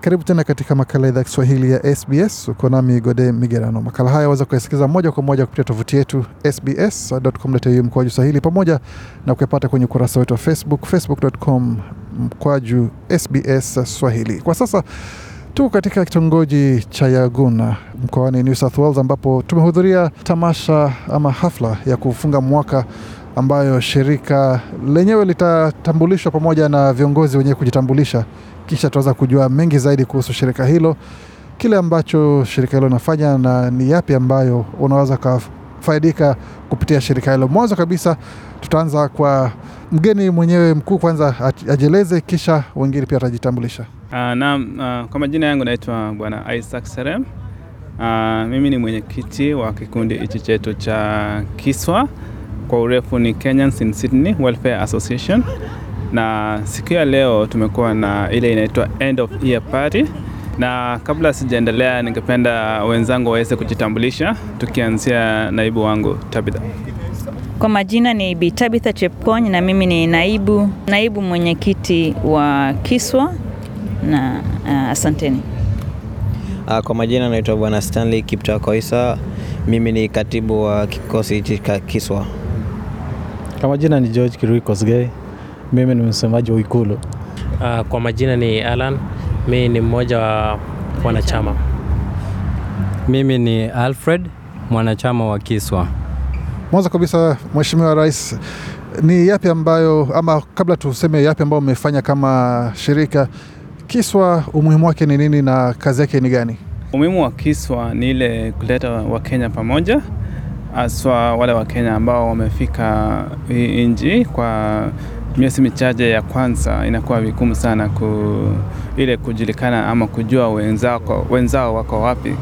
Karibu tena katika makala idhaa Kiswahili ya SBS. Uko nami Gode Migerano. Makala haya waweza kuyasikiza moja kwa moja kupitia tovuti yetu sbs.com.au mkoaju swahili, pamoja na kuyapata kwenye ukurasa wetu wa Facebook, facebook.com mkoaju SBS Swahili. Kwa sasa tuko katika kitongoji cha Yaguna mkoani New South Wales, ambapo tumehudhuria tamasha ama hafla ya kufunga mwaka ambayo shirika lenyewe litatambulishwa pamoja na viongozi wenyewe kujitambulisha kisha tutaweza kujua mengi zaidi kuhusu shirika hilo, kile ambacho shirika hilo inafanya na ni yapi ambayo unaweza ukafaidika kupitia shirika hilo. Mwanzo kabisa tutaanza kwa mgeni mwenyewe mkuu kwanza ajieleze, kisha wengine pia watajitambulisha. Uh, naam, uh, kwa majina yangu naitwa Bwana Isaac Serem. Uh, mimi ni mwenyekiti wa kikundi hichi chetu cha KISWA, kwa urefu ni Kenyans in Sydney Welfare Association na siku ya leo tumekuwa na ile inaitwa end of year party, na kabla sijaendelea, ningependa wenzangu waweze kujitambulisha, tukianzia naibu wangu Tabitha. Kwa majina ni Bi Tabitha Chepkony na mimi ni naibu naibu mwenyekiti wa Kiswa na uh, asanteni. Ah, kwa majina naitwa Bwana Stanley Kipta Koisa, mimi ni katibu wa kikosi cha Kiswa. Kwa majina ni George Kirui Kosgei, mimi ni msemaji wa Ikulu. Uh, kwa majina ni Alan, mimi ni mmoja wa wanachama. Mimi ni Alfred, mwanachama wa Kiswa. Mwanzo kabisa, Mheshimiwa Rais, ni yapi ambayo ama kabla tuseme yapi ambayo umefanya kama shirika Kiswa, umuhimu wake ni nini na kazi yake ni gani? Umuhimu wa Kiswa ni ile kuleta Wakenya pamoja, haswa wale Wakenya ambao wamefika hii kwa miezi michache ya kwanza inakuwa vigumu sana ku, ile kujulikana ama kujua wenzao, wenzao wako wapi.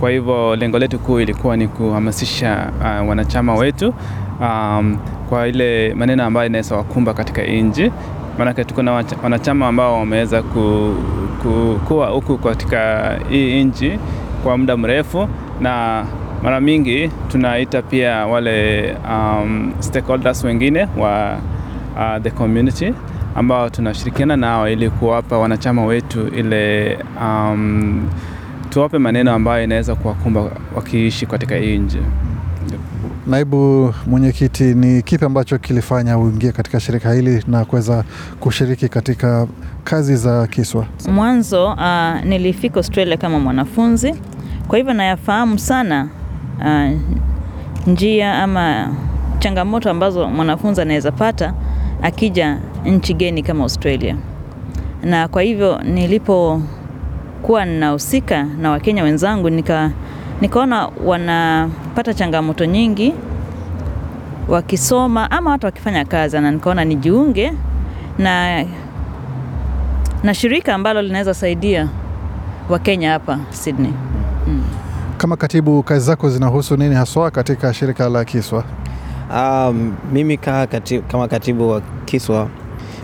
Kwa hivyo lengo letu kuu ilikuwa ni kuhamasisha uh, wanachama wetu um, kwa ile maneno ambayo inaweza wakumba katika nchi, maanake tuko na wanachama ambao wameweza ku, ku, kuwa huku katika hii nchi kwa muda mrefu na mara mingi tunaita pia wale um, stakeholders wengine wa uh, the community ambao tunashirikiana nao ili kuwapa wanachama wetu ile um, tuwape maneno ambayo inaweza kuwakumba wakiishi katika hii nje. Naibu mwenyekiti, ni kipi ambacho kilifanya uingie katika shirika hili na kuweza kushiriki katika kazi za Kiswa? Mwanzo uh, nilifika Australia kama mwanafunzi, kwa hivyo nayafahamu sana uh, njia ama changamoto ambazo mwanafunzi anaweza pata akija nchi geni kama Australia. Na kwa hivyo nilipokuwa ninahusika na Wakenya wenzangu nika, nikaona wanapata changamoto nyingi wakisoma ama hata wakifanya kazi, na nikaona nijiunge na, na shirika ambalo linaweza saidia Wakenya hapa Sydney. Mm. Kama katibu, kazi zako zinahusu nini haswa katika shirika la Kiswa? Um, mimi ka kati, kama katibu wa Kiswa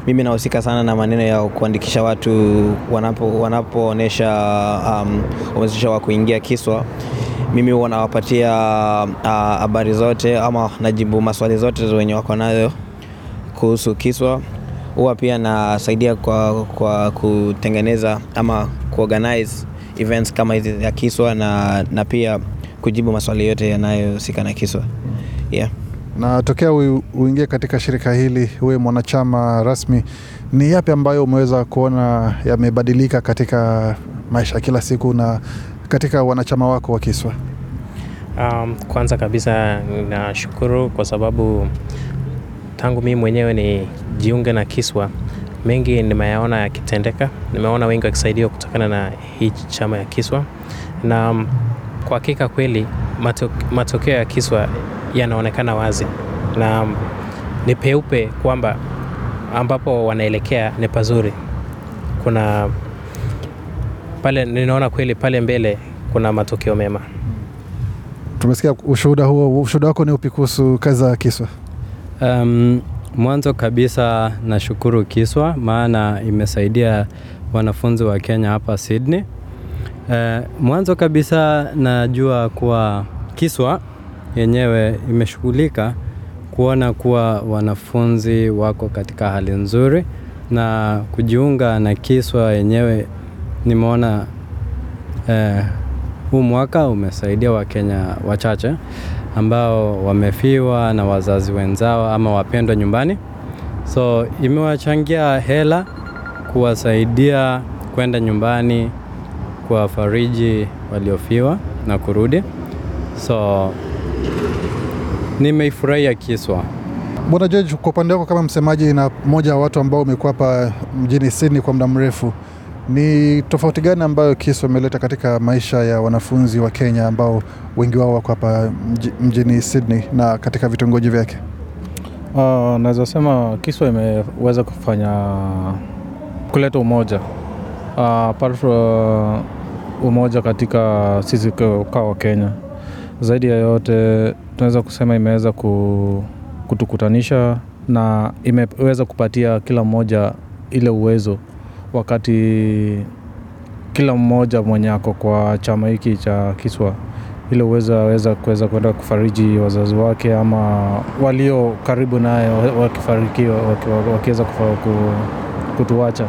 mimi nahusika sana na maneno ya kuandikisha watu wanapoonesha um, wa kuingia Kiswa. Mimi huwa nawapatia uh, habari uh, zote ama najibu maswali zote wenye wako nayo kuhusu Kiswa. Huwa pia nasaidia kwa, kwa kutengeneza ama kuorganize events kama hizi ya Kiswa na, na pia kujibu maswali yote yanayohusika na Kiswa yeah na tokea uingie katika shirika hili uwe mwanachama rasmi, ni yapi ambayo umeweza kuona yamebadilika katika maisha kila siku na katika wanachama wako wa Kiswa? Um, kwanza kabisa ninashukuru kwa sababu tangu mimi mwenyewe ni jiunge na Kiswa, mengi nimeyaona yakitendeka, nimeona wengi wakisaidiwa kutokana na hii chama ya Kiswa, na um, kwa hakika kweli matokeo ya Kiswa yanaonekana wazi na ni peupe kwamba ambapo wanaelekea ni pazuri. Kuna pale ninaona kweli pale mbele kuna matokeo mema. Tumesikia ushuhuda huo. Ushuhuda wako ni upi kuhusu kazi za Kiswa? Um, mwanzo kabisa nashukuru Kiswa maana imesaidia wanafunzi wa Kenya hapa Sydney. Uh, mwanzo kabisa najua kuwa Kiswa yenyewe imeshughulika kuona kuwa wanafunzi wako katika hali nzuri, na kujiunga na Kiswa yenyewe nimeona eh, huu mwaka umesaidia Wakenya wachache ambao wamefiwa na wazazi wenzao ama wapendwa nyumbani, so imewachangia hela kuwasaidia kwenda nyumbani kuwafariji waliofiwa na kurudi so Nimeifurahia Kiswa. Bwana George, kwa upande wako kama msemaji na mmoja wa watu ambao umekuwa hapa mjini Sydney kwa muda mrefu, ni tofauti gani ambayo Kiswa imeleta katika maisha ya wanafunzi wa Kenya ambao wengi wao wako hapa mjini Sydney na katika vitongoji vyake? Uh, naweza sema Kiswa imeweza kufanya kuleta umoja uh, apart from umoja katika sisi kwa Wakenya, zaidi ya yote tunaweza kusema imeweza kutukutanisha na imeweza kupatia kila mmoja ile uwezo wakati kila mmoja mwenye ako kwa chama hiki cha Kiswa ile uwezo aweza kuweza kwenda kufariji wazazi wake ama walio karibu naye wakifarikiwa wakiweza kutuacha.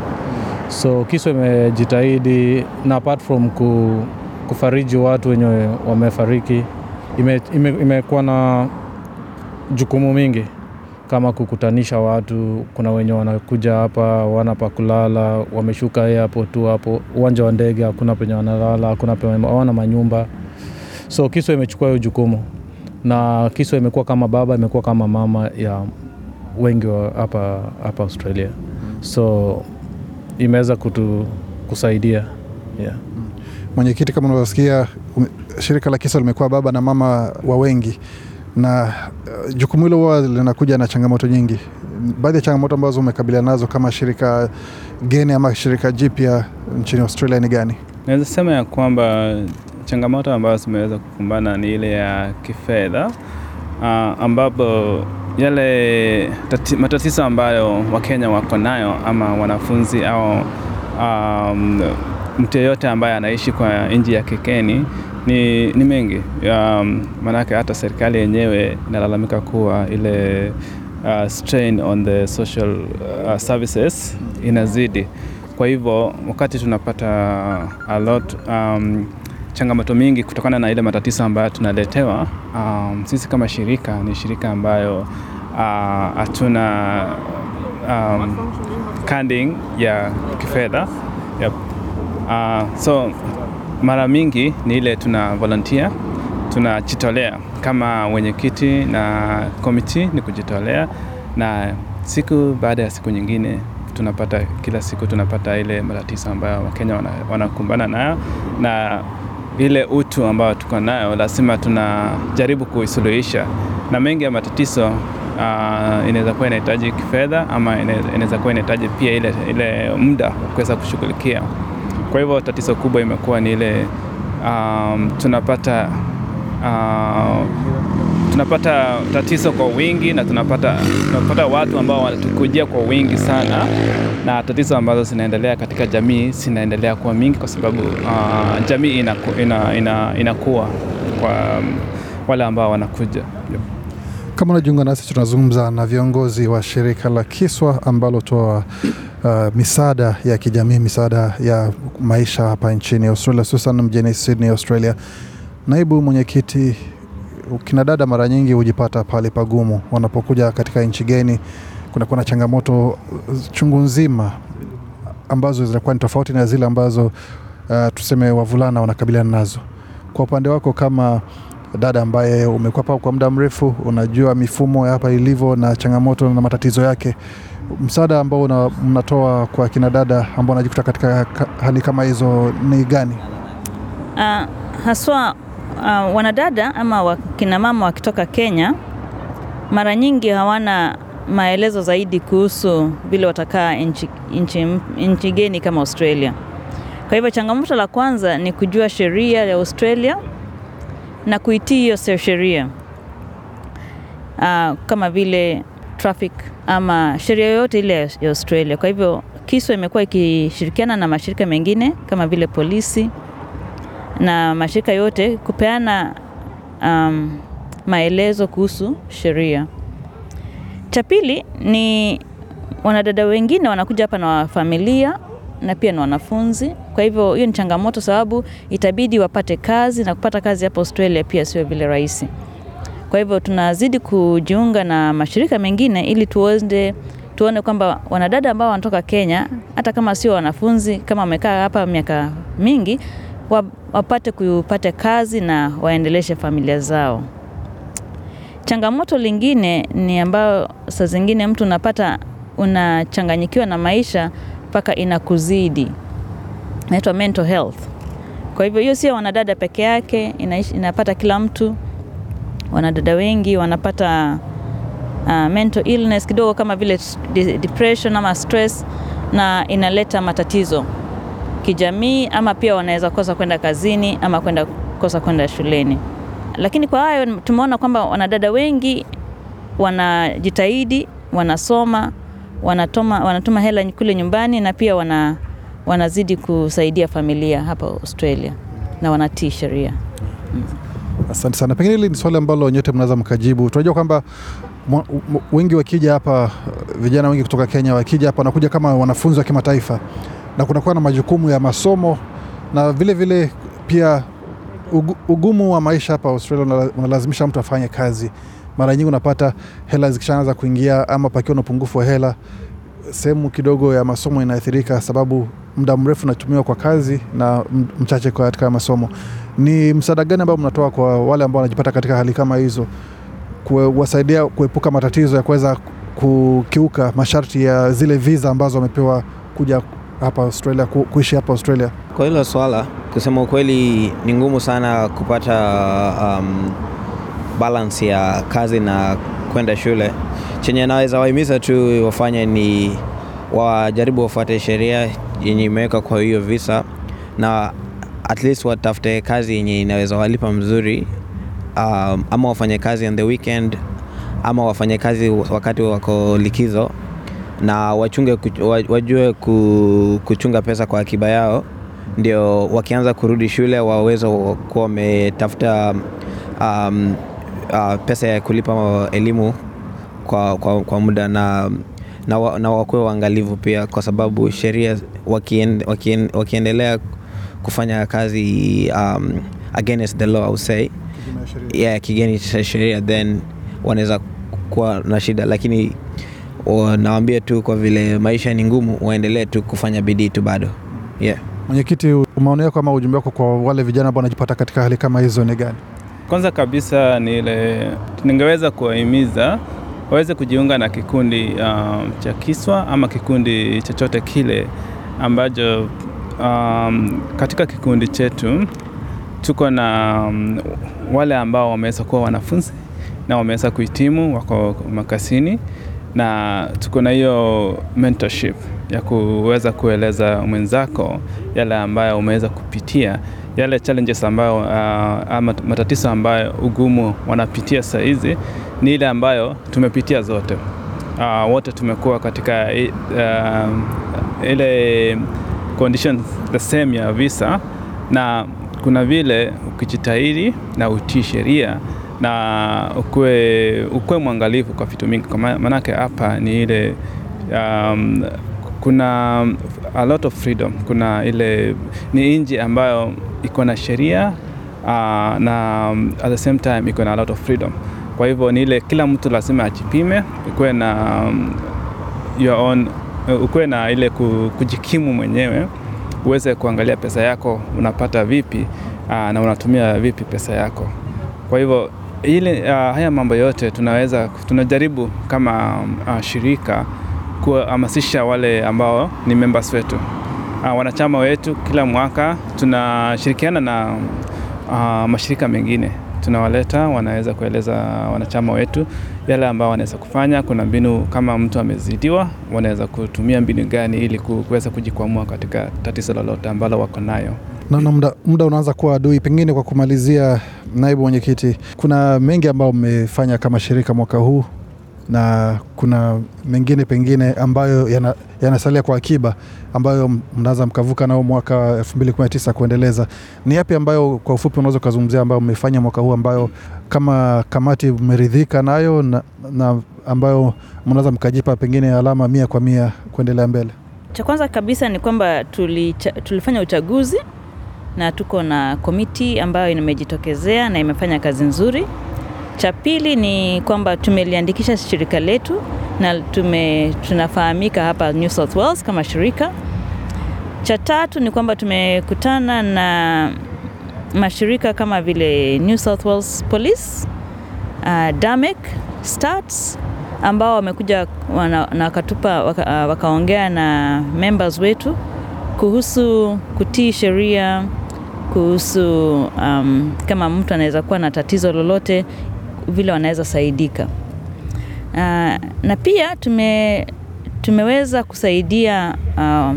So Kiswa imejitahidi na apart from kufariji watu wenye wamefariki imekuwa ime, na jukumu mingi kama kukutanisha watu. Kuna wenye wanakuja hapa wana pa kulala, wameshuka hapo tu hapo uwanja wa ndege, hakuna penye wanalala, hakuna penye hawana manyumba. So Kiswa imechukua hiyo jukumu, na Kiswa imekuwa kama baba, imekuwa kama mama ya wengi hapa hapa Australia, so imeweza kutu kusaidia yeah. Mwenyekiti, kama unavyosikia, shirika la Kisa limekuwa baba na mama wa wengi, na uh, jukumu hilo huwa linakuja na changamoto nyingi. Baadhi ya changamoto ambazo umekabiliana nazo kama shirika geni ama shirika jipya nchini Australia ni gani? Naweza sema ya kwamba changamoto ambazo zimeweza kukumbana ni ile ya kifedha uh, ambapo yale matatizo ambayo Wakenya wako nayo ama wanafunzi au um, mtu yeyote ambaye anaishi kwa nchi ya kekeni ni, ni mengi um, maanake hata serikali yenyewe inalalamika kuwa ile uh, strain on the social uh, services inazidi. Kwa hivyo wakati tunapata uh, a lot um, changamoto mingi kutokana na ile matatizo ambayo tunaletewa. Um, sisi kama shirika ni shirika ambayo uh, hatuna uh, um, funding ya kifedha Uh, so mara mingi ni ile tuna volunteer, tunajitolea kama wenyekiti na komiti ni kujitolea, na siku baada ya siku nyingine tunapata kila siku tunapata ile matatizo ambayo Wakenya wanakumbana wana nayo na ile utu ambayo tuko nayo lazima tunajaribu kuisuluhisha, na mengi ya matatizo uh, inaweza kuwa inahitaji kifedha ama inaweza kuwa inahitaji pia ile, ile muda kuweza kushughulikia. Kwa hivyo tatizo kubwa imekuwa ni ile um, tunapata uh, tunapata tatizo kwa wingi na tunapata, tunapata watu ambao wanatukujia kwa wingi sana, na tatizo ambazo zinaendelea katika jamii zinaendelea kuwa mingi kwa sababu uh, jamii inaku, ina, ina, inakuwa kwa um, wale ambao wanakuja yep. Kama unajiunga nasi, tunazungumza na viongozi wa shirika la Kiswa ambalo toa uh, misaada ya kijamii, misaada ya maisha hapa nchini Australia, hususan mjini Sydney, Australia. Naibu mwenyekiti, kinadada mara nyingi hujipata pale pagumu wanapokuja katika nchi geni. Kunakuwa na changamoto chungu nzima ambazo zinakuwa ni tofauti na zile ambazo uh, tuseme wavulana wanakabiliana nazo. Kwa upande wako kama dada ambaye umekuwa hapa kwa muda mrefu, unajua mifumo ya hapa ilivyo na changamoto na matatizo yake, msaada ambao mnatoa kwa kina dada ambao wanajikuta katika hali kama hizo ni gani? Uh, haswa uh, wanadada ama wakinamama wakitoka Kenya mara nyingi hawana maelezo zaidi kuhusu vile watakaa nchi, geni kama Australia. Kwa hivyo changamoto la kwanza ni kujua sheria ya Australia na kuitii hiyo sheria uh, kama vile traffic ama sheria yoyote ile ya Australia. Kwa hivyo Kiswa imekuwa ikishirikiana na mashirika mengine kama vile polisi na mashirika yote kupeana um, maelezo kuhusu sheria. Cha pili ni wanadada wengine wanakuja hapa na familia na pia na wanafunzi. Kwa hivyo hiyo ni changamoto, sababu itabidi wapate kazi na kupata kazi hapa Australia pia sio vile rahisi. Kwa hivyo tunazidi kujiunga na mashirika mengine ili tuweze tuone kwamba wanadada ambao wanatoka Kenya, hata kama sio wanafunzi, kama wamekaa hapa miaka mingi, wapate kupata kazi na waendeleshe familia zao. Changamoto lingine ni ambayo saa zingine mtu unapata unachanganyikiwa na maisha mpaka inakuzidi, inaitwa mental health. Kwa hivyo hiyo sio wanadada peke yake, inapata kila mtu wanadada wengi wanapata uh, mental illness kidogo kama vile depression ama stress, na inaleta matatizo kijamii, ama pia wanaweza kosa kwenda kazini ama kwenda kosa kwenda shuleni. Lakini kwa hayo tumeona kwamba wanadada wengi wanajitahidi, wanasoma, wanatoma, wanatuma hela kule nyumbani na pia wana, wanazidi kusaidia familia hapa Australia na wanatii sheria mm. Asante sana. Pengine hili ni swali ambalo nyote mnaweza mkajibu. Tunajua kwamba wengi wakija hapa, vijana wengi kutoka Kenya wakija hapa wanakuja kama wanafunzi wa kimataifa, na kunakuwa na majukumu ya masomo na vile vile pia ugumu wa maisha hapa Australia unalazimisha mtu afanye kazi. Mara nyingi unapata hela zikishaanza kuingia, ama pakiwa na upungufu wa hela, sehemu kidogo ya masomo inaathirika, sababu muda mrefu unatumiwa kwa kazi na mchache katika masomo. Ni msaada gani ambao mnatoa kwa wale ambao wanajipata katika hali kama hizo, kuwasaidia kuepuka matatizo ya kuweza kukiuka masharti ya zile viza ambazo wamepewa kuja hapa Australia, kuishi hapa Australia? Kwa hilo swala, kusema ukweli, ni ngumu sana kupata um, balance ya kazi na kwenda shule. Chenye naweza wahimiza tu wafanye ni wajaribu wafuate sheria yenye imeweka kwa hiyo visa na at least watafute kazi yenye inaweza walipa mzuri um, ama wafanye kazi on the weekend ama wafanye kazi wakati wako likizo na wachunge wajue kuchunga pesa kwa akiba yao ndio wakianza kurudi shule waweze kuwa wametafuta um, uh, pesa ya kulipa elimu kwa, kwa, kwa muda na na, na wakuwe waangalivu pia kwa sababu sheria wakiendelea wakien, wakien kufanya kazi um, against the law say yeah, kigeni cha sheria then wanaweza kuwa na shida, lakini nawaambia tu kwa vile maisha ni ngumu, waendelee tu kufanya bidii tu bado yeah. Mwenyekiti, maoni yako ama ujumbe wako kwa wale vijana ambao wanajipata katika hali kama hizo ni gani? Kwanza kabisa ni ile ningeweza kuwahimiza waweze kujiunga na kikundi um, cha Kiswa ama kikundi chochote kile ambacho um, katika kikundi chetu tuko na um, wale ambao wameweza kuwa wanafunzi na wameweza kuhitimu wako makasini, na tuko na hiyo mentorship ya kuweza kueleza mwenzako yale ambayo umeweza kupitia, yale challenges ambayo uh, ama matatizo ambayo ugumu wanapitia saa hizi ni ile ambayo tumepitia zote. Uh, wote tumekuwa katika uh, ile conditions the same ya visa, na kuna vile ukijitahidi na utii sheria na ukue, ukue mwangalifu kwa vitu mingi, kwa maanake hapa ni ile um, kuna a lot of freedom. Kuna ile ni nchi ambayo iko na sheria uh, na at the same time iko na a lot of freedom. Kwa hivyo ni ile kila mtu lazima ajipime, ikuwe na um, your own Eh, ukuwe na ile kujikimu mwenyewe, uweze kuangalia pesa yako unapata vipi ah, na unatumia vipi pesa yako. Kwa hivyo ile ah, haya mambo yote tunaweza tunajaribu kama ah, shirika kuhamasisha wale ambao ni members wetu, wanachama wetu. Kila mwaka tunashirikiana na mashirika mengine tunawaleta, wanaweza kueleza wanachama wetu yale ambayo wanaweza kufanya. Kuna mbinu kama mtu amezidiwa, wanaweza kutumia mbinu gani ili kuweza kujikwamua katika tatizo lolote ambalo wako nayo. Naona muda, muda unaanza kuwa adui. Pengine kwa kumalizia, naibu mwenyekiti, kuna mengi ambayo mmefanya kama shirika mwaka huu na kuna mengine pengine ambayo yanasalia yana kwa akiba ambayo mnaweza mkavuka nao mwaka tisa kuendeleza. Ni yapi ambayo kwa ufupi unaweza ukazungumzia ambayo mmefanya mwaka huu ambayo kama kamati mmeridhika nayo na, na ambayo mnaweza mkajipa pengine alama mia kwa mia kuendelea mbele? Cha kwanza kabisa ni kwamba tulifanya uchaguzi na tuko na komiti ambayo imejitokezea na imefanya kazi nzuri. Cha pili ni kwamba tumeliandikisha shirika letu na tume, tunafahamika hapa New South Wales kama shirika. Cha tatu ni kwamba tumekutana na mashirika kama vile New South Wales Police, uh, DAMEC, STATS ambao wamekuja na wakatupa waka, uh, wakaongea na members wetu kuhusu kutii sheria kuhusu um, kama mtu anaweza kuwa na tatizo lolote vile wanaweza saidika. Uh, na pia tume, tumeweza kusaidia uh,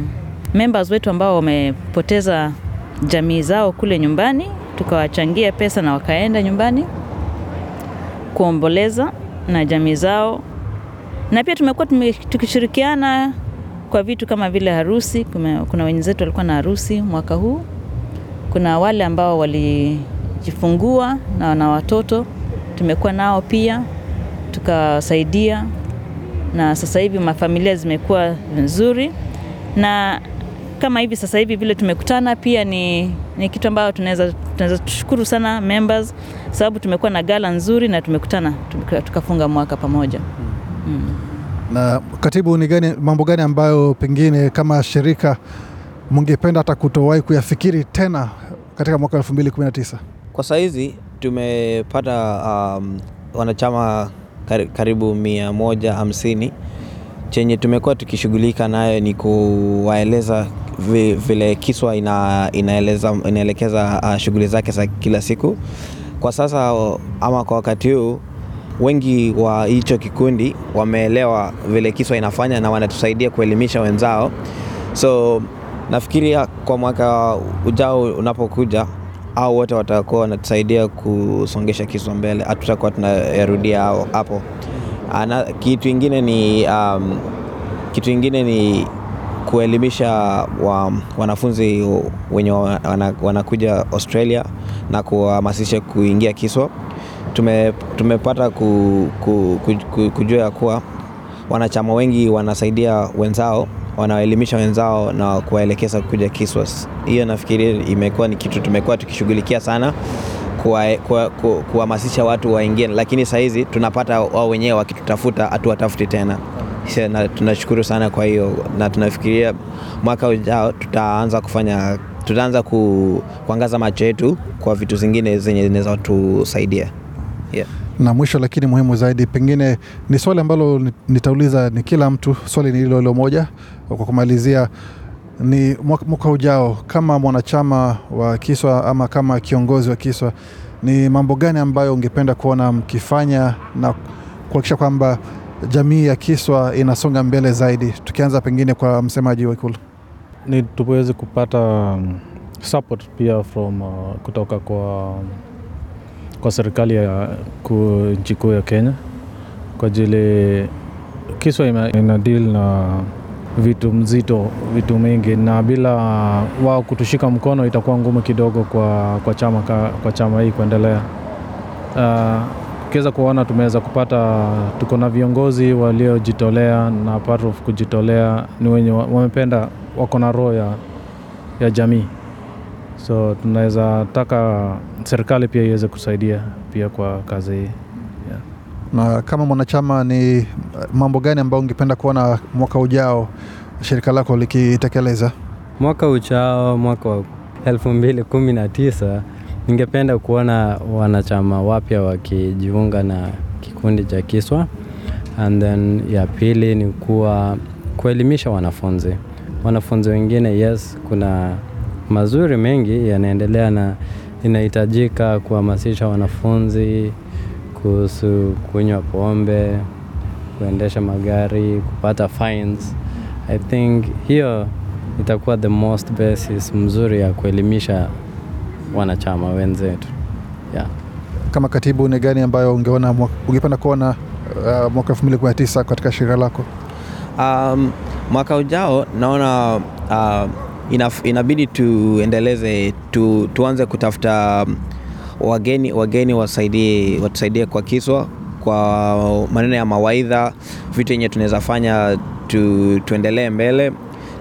members wetu ambao wamepoteza jamii zao kule nyumbani, tukawachangia pesa na wakaenda nyumbani kuomboleza na jamii zao, na pia tumekuwa tukishirikiana kwa vitu kama vile harusi. Kume, kuna wenzetu walikuwa na harusi mwaka huu, kuna wale ambao walijifungua na wana watoto tumekuwa nao pia tukawasaidia, na sasa hivi mafamilia zimekuwa nzuri, na kama hivi sasa hivi vile tumekutana pia ni, ni kitu ambayo tunaweza tunaweza tushukuru sana members, sababu tumekuwa na gala nzuri na tumekutana tukafunga mwaka pamoja mm. Na katibu, ni gani mambo gani ambayo pengine kama shirika mungependa hata kutowahi kuyafikiri tena katika mwaka 2019? Kwa saizi Tumepata um, wanachama karibu mia moja hamsini. Chenye tumekuwa tukishughulika nayo ni kuwaeleza vile Kiswa ina, inaeleza, inaelekeza uh, shughuli zake za kila siku kwa sasa ama kwa wakati huu wengi wa hicho kikundi wameelewa vile Kiswa inafanya na wanatusaidia kuelimisha wenzao. So nafikiria kwa mwaka ujao unapokuja au wote watakuwa wanatusaidia kusongesha Kiswa mbele, hatutakuwa tunayarudia hapo. kitu ingine ni, um, kitu ingine ni kuelimisha wa, wanafunzi wenye wanakuja wana Australia na kuwahamasisha kuingia Kiswa. Tume, tumepata ku, ku, ku, ku, kujua ya kuwa wanachama wengi wanasaidia wenzao wanawaelimisha wenzao na kuwaelekeza kuja Kiswas. Hiyo nafikiri imekuwa ni kitu tumekuwa tukishughulikia sana kuhamasisha watu waingie, lakini saa hizi tunapata wao wenyewe wakitutafuta, hatuwatafuti tena na tunashukuru sana kwa hiyo, na tunafikiria mwaka ujao tutaanza kufanya tutaanza ku, kuangaza macho yetu kwa vitu zingine zenye zinaweza tusaidia yeah. Na mwisho lakini muhimu zaidi, pengine ni swali ambalo nitauliza ni kila mtu, swali ni hilo hilo moja kwa kumalizia ni mwaka ujao, kama mwanachama wa Kiswa ama kama kiongozi wa Kiswa, ni mambo gani ambayo ungependa kuona mkifanya na kuhakikisha kwamba jamii ya Kiswa inasonga mbele zaidi, tukianza pengine kwa msemaji wa Ikulu? Ni tuweze kupata support pia from uh, kutoka kwa kwa serikali ya nchi kuu ya Kenya kwa ajili Kiswa ina deal na vitu mzito, vitu mingi, na bila wao kutushika mkono itakuwa ngumu kidogo kwa, kwa, chama, kwa chama hii kuendelea. Uh, uh, kuona tumeweza kupata, tuko na viongozi waliojitolea na part of kujitolea ni wenye wamependa, wako na roho ya, ya jamii so tunaweza taka serikali pia iweze kusaidia pia kwa kazi hii yeah. Na kama mwanachama, ni mambo gani ambayo ungependa kuona mwaka ujao shirika lako likitekeleza? Mwaka ujao, mwaka wa elfu mbili kumi na tisa, ningependa kuona wanachama wapya wakijiunga na kikundi cha Kiswa, and then ya pili ni kuwa kuelimisha wanafunzi wanafunzi wengine. Yes, kuna mazuri mengi yanaendelea na inahitajika kuhamasisha wanafunzi kuhusu kunywa pombe, kuendesha magari, kupata fines. I think hiyo itakuwa the most basis mzuri ya kuelimisha wanachama wenzetu yeah. Kama katibu, ni gani ambayo ungeona ungependa kuona uh, mwaka tisa katika shirika lako? Um, mwaka ujao naona uh, inabidi tuendeleze tu, tuanze kutafuta um, wageni wageni wasaidie, watusaidie kwa kiswa kwa maneno ya mawaidha, vitu yenye tunaweza fanya tu, tuendelee mbele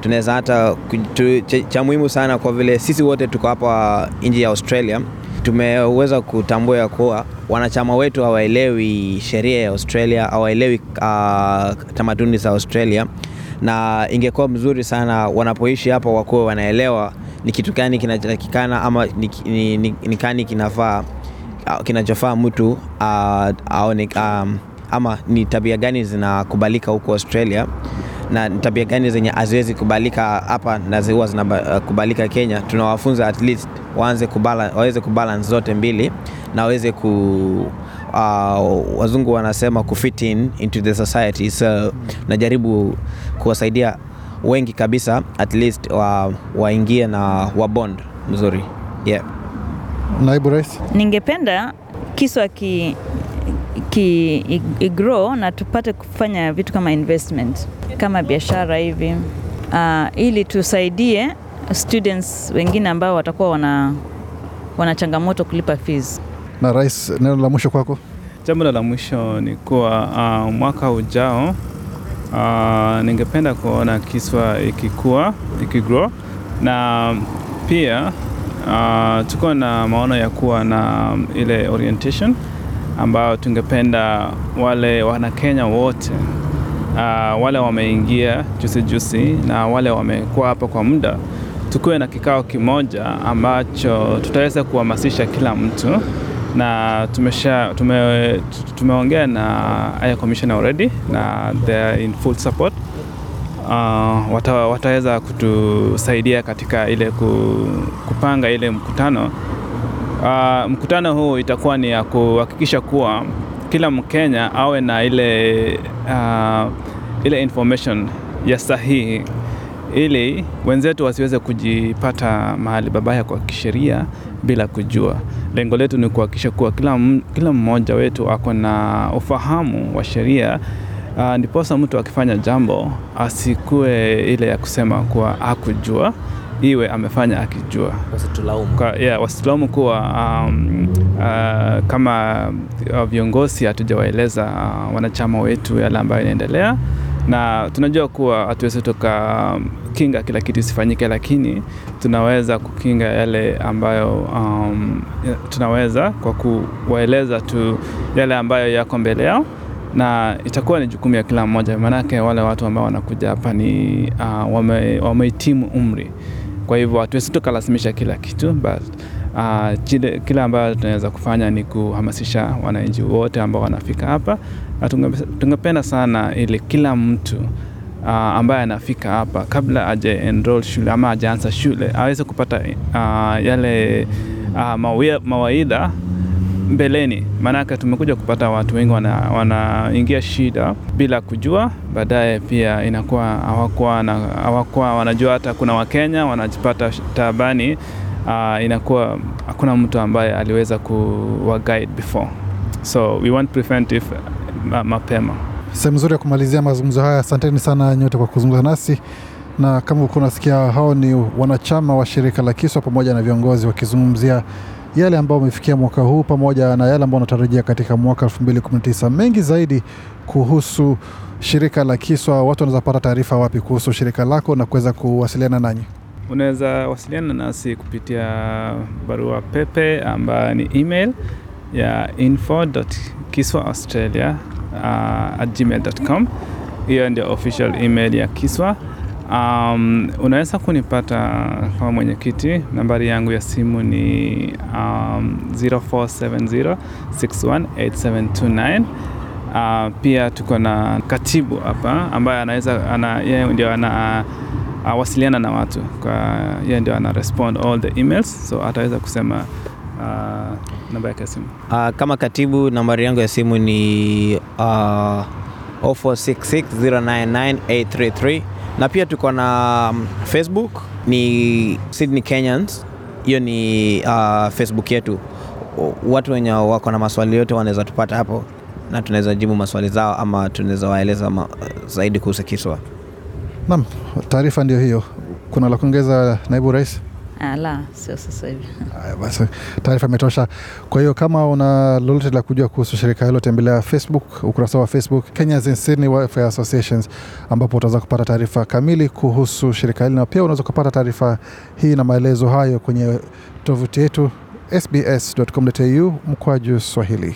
tunaweza hata tu, cha muhimu sana kwa vile sisi wote tuko hapa nje ya Australia, tumeweza kutambua ya kuwa wanachama wetu hawaelewi sheria ya Australia, hawaelewi uh, tamaduni za Australia na ingekuwa mzuri sana wanapoishi hapa wakuwe wanaelewa ni kitu gani kinatakikana ama ni, ni, ni, ni kani kinafaa kinachofaa mtu aone um, ama ni tabia gani zinakubalika huko Australia na tabia gani zenye haziwezi kubalika hapa na huwa zinakubalika Kenya. Tunawafunza at least waanze kubala, waweze kubalan zote mbili na waweze ku uh, wazungu wanasema kufit in into the society so mm. najaribu kuwasaidia wengi kabisa at least wa, waingie na wabond mzuri yeah. Naibu Rais, ningependa Kiswa ki, ki igrow na tupate kufanya vitu kama investment kama biashara hivi uh, ili tusaidie students wengine ambao watakuwa wana, wana changamoto kulipa fees. Na rais, neno la mwisho kwako? Jambo la mwisho ni kuwa uh, mwaka ujao uh, ningependa kuona Kiswa ikikua ikigrow, na pia uh, tuko na maono ya kuwa na ile orientation ambayo tungependa wale Wanakenya wote uh, wale wameingia jusi jusi na wale wamekuwa hapa kwa muda, tukuwe na kikao kimoja ambacho tutaweza kuhamasisha kila mtu na tumesha tume, tumeongea na High Commission already na they are in full support. Uh, wata, wataweza kutusaidia katika ile kupanga ile mkutano. Uh, mkutano huu itakuwa ni ya kuhakikisha kuwa kila Mkenya awe na ile, uh, ile information ya sahihi ili wenzetu wasiweze kujipata mahali babaya kwa kisheria bila kujua. Lengo letu ni kuhakikisha kuwa kila, kila mmoja wetu ako na ufahamu wa sheria uh, ndiposa mtu akifanya jambo asikue ile ya kusema kuwa hakujua, iwe amefanya akijua, wasitulaumu yeah, wasitulaumu kuwa um, uh, kama ah, viongozi hatujawaeleza uh, wanachama wetu yale ambayo inaendelea na tunajua kuwa hatuwezi tuka um, kinga kila kitu isifanyike, lakini tunaweza kukinga yale ambayo um, tunaweza kwa kuwaeleza tu yale ambayo yako mbele yao na itakuwa ni jukumu ya kila mmoja, maanake wale watu ambao wanakuja hapa ni uh, wamehitimu wame umri, kwa hivyo hatuwezi tukalazimisha kila kitu but uh, kile ambayo tunaweza kufanya ni kuhamasisha wananchi wote ambao wanafika hapa Tungependa sana ili kila mtu uh, ambaye anafika hapa kabla aje enroll shule ama ajaanza shule aweze kupata uh, yale uh, mawaidha mbeleni, maanake tumekuja kupata watu wengi wanaingia wana shida bila kujua, baadaye pia inakuwa hawakuwa hawakuwa wanajua. Hata kuna Wakenya wanajipata taabani. Uh, inakuwa hakuna mtu ambaye aliweza kuwa guide before, so we want preventive mapema. Sehemu nzuri ya kumalizia mazungumzo haya. Asanteni sana nyote kwa kuzungumza nasi, na kama uko unasikia, hao ni wanachama wa shirika la Kiswa pamoja na viongozi wakizungumzia yale ambayo wamefikia mwaka huu pamoja na yale ambayo wanatarajia katika mwaka 2019. Mengi zaidi kuhusu shirika la Kiswa, watu wanaweza pata taarifa wapi kuhusu shirika lako na kuweza kuwasiliana nanyi? Unaweza wasiliana nasi kupitia barua pepe ambayo ni email ya info.kiswaaustralia uh, at gmail.com. Hiyo ndio official email ya Kiswa. Um, unaweza kunipata kama mwenyekiti. Nambari yangu ya simu ni um, 0470618729. Uh, pia tuko na katibu hapa ambaye anaweza ana, yeye ndio ana uh, wasiliana na watu kwa yeye ndio ana respond all the emails, so ataweza kusema uh, namba yake ya simu uh, kama katibu, nambari yangu ya simu ni uh, ah, 0466099833 na pia tuko na um, Facebook ni Sydney Kenyans. Hiyo ni uh, Facebook yetu. Watu wenye wako na maswali yote wanaweza tupata hapo na tunaweza jibu maswali zao ama tunaweza waeleza ma, zaidi kuhusu Kiswa. Naam, taarifa ndio hiyo. Kuna la kuongeza, naibu rais? La, sio sasa hivi. Haya basi, taarifa imetosha. Kwa hiyo kama una lolote la kujua kuhusu shirika hilo, tembelea Facebook, ukurasa wa Facebook Kenyans in Sydney Welfare Associations, ambapo utaweza kupata taarifa kamili kuhusu shirika hili na pia unaweza kupata taarifa hii na maelezo hayo kwenye tovuti yetu sbs.com.au mkwaju Swahili.